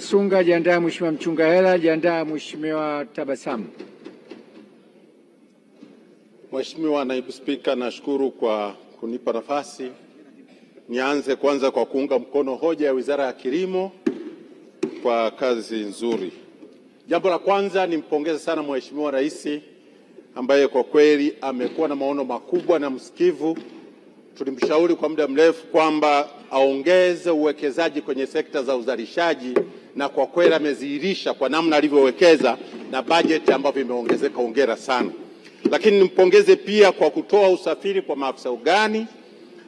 Sunga, jiandae. Mheshimiwa Hela, jiandae. Mheshimiwa Tabasamu. Mheshimiwa Naibu Spika, nashukuru kwa kunipa nafasi. Nianze kwanza kwa kuunga mkono hoja ya Wizara ya Kilimo kwa kazi nzuri. Jambo la kwanza nimpongeze sana Mheshimiwa Rais ambaye kwa kweli amekuwa na maono makubwa na msikivu tulimshauri kwa muda mrefu kwamba aongeze uwekezaji kwenye sekta za uzalishaji, na kwa kweli amezihirisha kwa namna alivyowekeza na bajeti ambavyo imeongezeka. Hongera sana. Lakini nimpongeze pia kwa kutoa usafiri kwa maafisa ugani,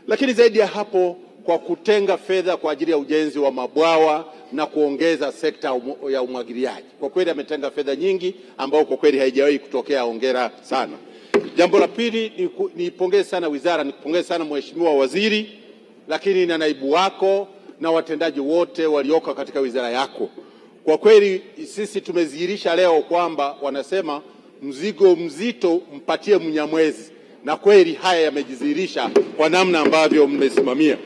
lakini zaidi ya hapo kwa kutenga fedha kwa ajili ya ujenzi wa mabwawa na kuongeza sekta ya umwagiliaji. Kwa kweli ametenga fedha nyingi ambayo kwa kweli haijawahi kutokea. Hongera sana. Jambo la pili, niipongeze sana wizara, nikupongeze sana mheshimiwa waziri, lakini na naibu wako na watendaji wote walioko katika wizara yako. Kwa kweli sisi tumezihirisha leo kwamba wanasema mzigo mzito mpatie Mnyamwezi, na kweli haya yamejidhihirisha kwa namna ambavyo mmesimamia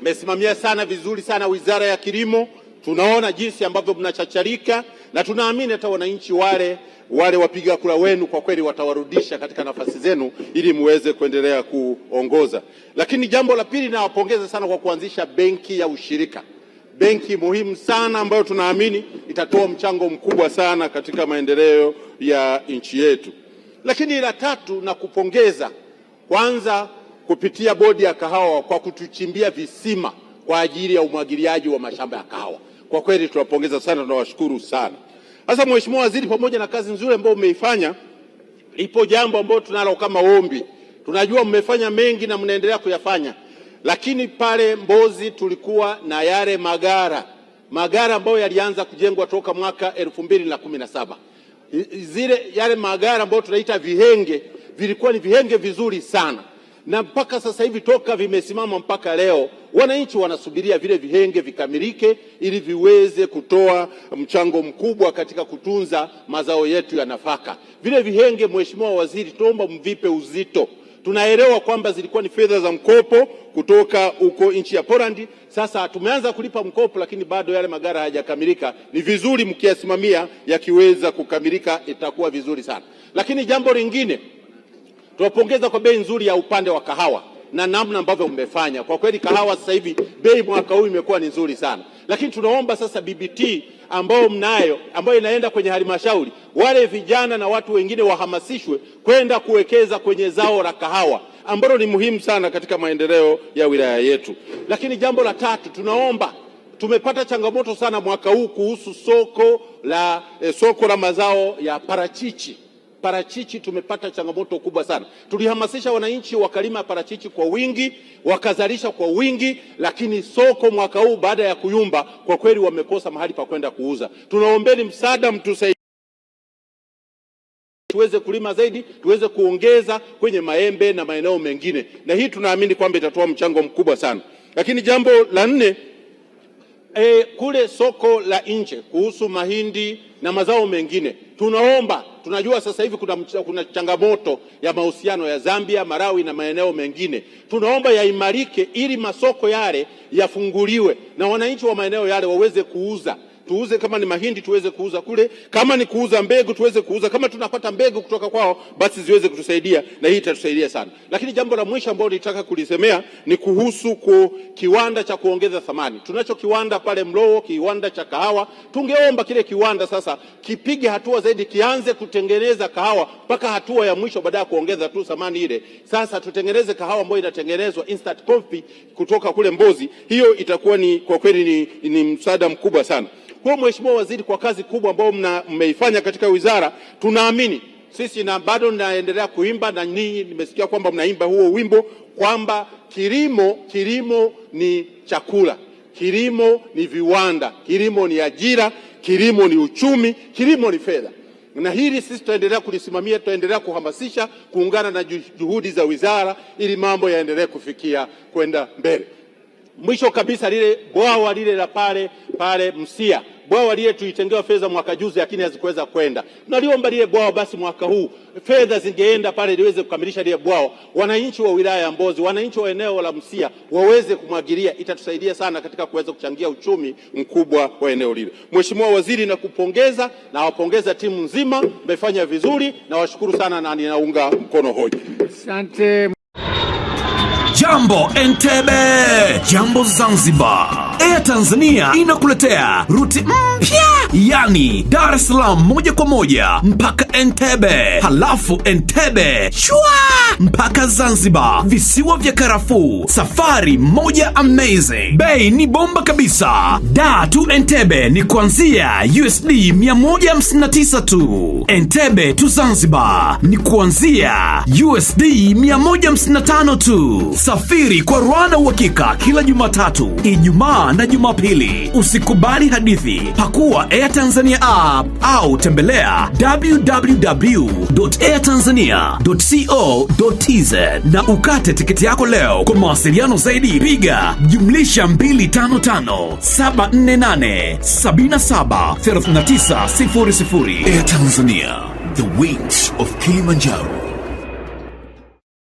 mmesimamia sana vizuri sana wizara ya kilimo. Tunaona jinsi ambavyo mnachacharika na tunaamini hata wananchi wale wale wapiga kura wenu kwa kweli watawarudisha katika nafasi zenu ili muweze kuendelea kuongoza. Lakini jambo la pili, nawapongeza sana kwa kuanzisha benki ya ushirika, benki muhimu sana ambayo tunaamini itatoa mchango mkubwa sana katika maendeleo ya nchi yetu. Lakini la tatu, na kupongeza kwanza kupitia bodi ya kahawa kwa kutuchimbia visima kwa ajili ya umwagiliaji wa mashamba ya kahawa. Kwa kweli tunawapongeza sana, tunawashukuru sana. Sasa Mheshimiwa Waziri, pamoja na kazi nzuri ambayo umeifanya, lipo jambo ambalo tunalo kama ombi. Tunajua mmefanya mengi na mnaendelea kuyafanya, lakini pale Mbozi tulikuwa na yale magara magara ambayo yalianza kujengwa toka mwaka elfu mbili na kumi na saba zile yale magara ambayo tunaita vihenge vilikuwa ni vihenge vizuri sana na mpaka sasa hivi toka vimesimama mpaka leo, wananchi wanasubiria vile vihenge vikamilike ili viweze kutoa mchango mkubwa katika kutunza mazao yetu ya nafaka. Vile vihenge, Mheshimiwa Waziri, tunaomba mvipe uzito. Tunaelewa kwamba zilikuwa ni fedha za mkopo kutoka huko nchi ya Poland. Sasa tumeanza kulipa mkopo, lakini bado yale magara hayajakamilika. Ni vizuri mkiyasimamia, yakiweza kukamilika itakuwa vizuri sana. Lakini jambo lingine Tunapongeza kwa bei nzuri ya upande wa kahawa na namna ambavyo mmefanya. Kwa kweli kahawa sasa hivi bei mwaka huu imekuwa ni nzuri sana, lakini tunaomba sasa BBT ambayo mnayo ambayo inaenda kwenye halmashauri, wale vijana na watu wengine wahamasishwe kwenda kuwekeza kwenye zao la kahawa ambalo ni muhimu sana katika maendeleo ya wilaya yetu. Lakini jambo la tatu, tunaomba tumepata changamoto sana mwaka huu kuhusu soko la, eh, soko la mazao ya parachichi parachichi tumepata changamoto kubwa sana. Tulihamasisha wananchi wakalima parachichi kwa wingi, wakazalisha kwa wingi, lakini soko mwaka huu baada ya kuyumba, kwa kweli wamekosa mahali pa kwenda kuuza. Tunaombeni msaada, mtusaidie tuweze kulima zaidi, tuweze kuongeza kwenye maembe na maeneo mengine, na hii tunaamini kwamba itatoa mchango mkubwa sana. Lakini jambo la nne E, kule soko la nje kuhusu mahindi na mazao mengine, tunaomba Tunajua sasa hivi kuna, kuna changamoto ya mahusiano ya Zambia, Malawi na maeneo mengine. Tunaomba yaimarike ili masoko yale yafunguliwe na wananchi wa maeneo yale waweze kuuza tuuze, kama ni mahindi tuweze kuuza kule, kama ni kuuza mbegu tuweze kuuza, kama tunapata mbegu kutoka kwao basi ziweze kutusaidia, na hii itatusaidia sana. Lakini jambo la mwisho ambalo nitaka kulisemea ni kuhusu ku, kiwanda cha kuongeza thamani. Tunacho kiwanda pale Mlowo, kiwanda cha kahawa. Tungeomba kile kiwanda sasa kipige hatua zaidi, kianze kutengeneza kahawa mpaka hatua ya mwisho, baada ya kuongeza tu thamani ile. Sasa tutengeneze kahawa ambayo inatengenezwa instant coffee kutoka kule Mbozi. Hiyo itakuwa ni kwa kweli ni, ni msaada mkubwa sana. Kwa Mheshimiwa Waziri, kwa kazi kubwa ambayo mmeifanya katika wizara, tunaamini sisi na bado naendelea kuimba na ninyi, nimesikia kwamba mnaimba huo wimbo kwamba kilimo, kilimo ni chakula, kilimo ni viwanda, kilimo ni ajira, kilimo ni uchumi, kilimo ni fedha na hili sisi tutaendelea kulisimamia, tutaendelea kuhamasisha, kuungana na juhudi za wizara ili mambo yaendelee kufikia kwenda mbele. Mwisho kabisa, lile bwawa lile la pale pale Msia bwawa lile tulitengewa fedha mwaka juzi, lakini hazikuweza kwenda. naliomba lile bwawa basi mwaka huu fedha zingeenda pale liweze kukamilisha lile bwawa, wananchi wa wilaya ya Mbozi, wananchi wa eneo la Msia waweze kumwagilia, itatusaidia sana katika kuweza kuchangia uchumi mkubwa wa eneo lile. Mheshimiwa Waziri, nakupongeza na wapongeza timu nzima, mmefanya vizuri na washukuru sana, na ninaunga mkono hoja. Asante. Jambo Entebbe, jambo Zanzibar. Air Tanzania inakuletea ruti mpya yani Dar es Salaam moja kwa moja mpaka Entebbe, halafu Entebbe shwa mpaka Zanzibar, visiwa vya karafuu. Safari moja amazing, bei ni bomba kabisa. Dar tu Entebbe ni kuanzia USD 159 tu. Entebe tu Zanzibar ni kuanzia USD 155 tu. Safiri kwa Rwanda uhakika kila Jumatatu, Ijumaa na Jumapili. Usikubali hadithi, pakua Air Tanzania app au tembelea www.airtanzania.co.tz na ukate tiketi yako leo. Kwa mawasiliano zaidi piga jumlisha 255 39 Air Tanzania, the wings of Kilimanjaro.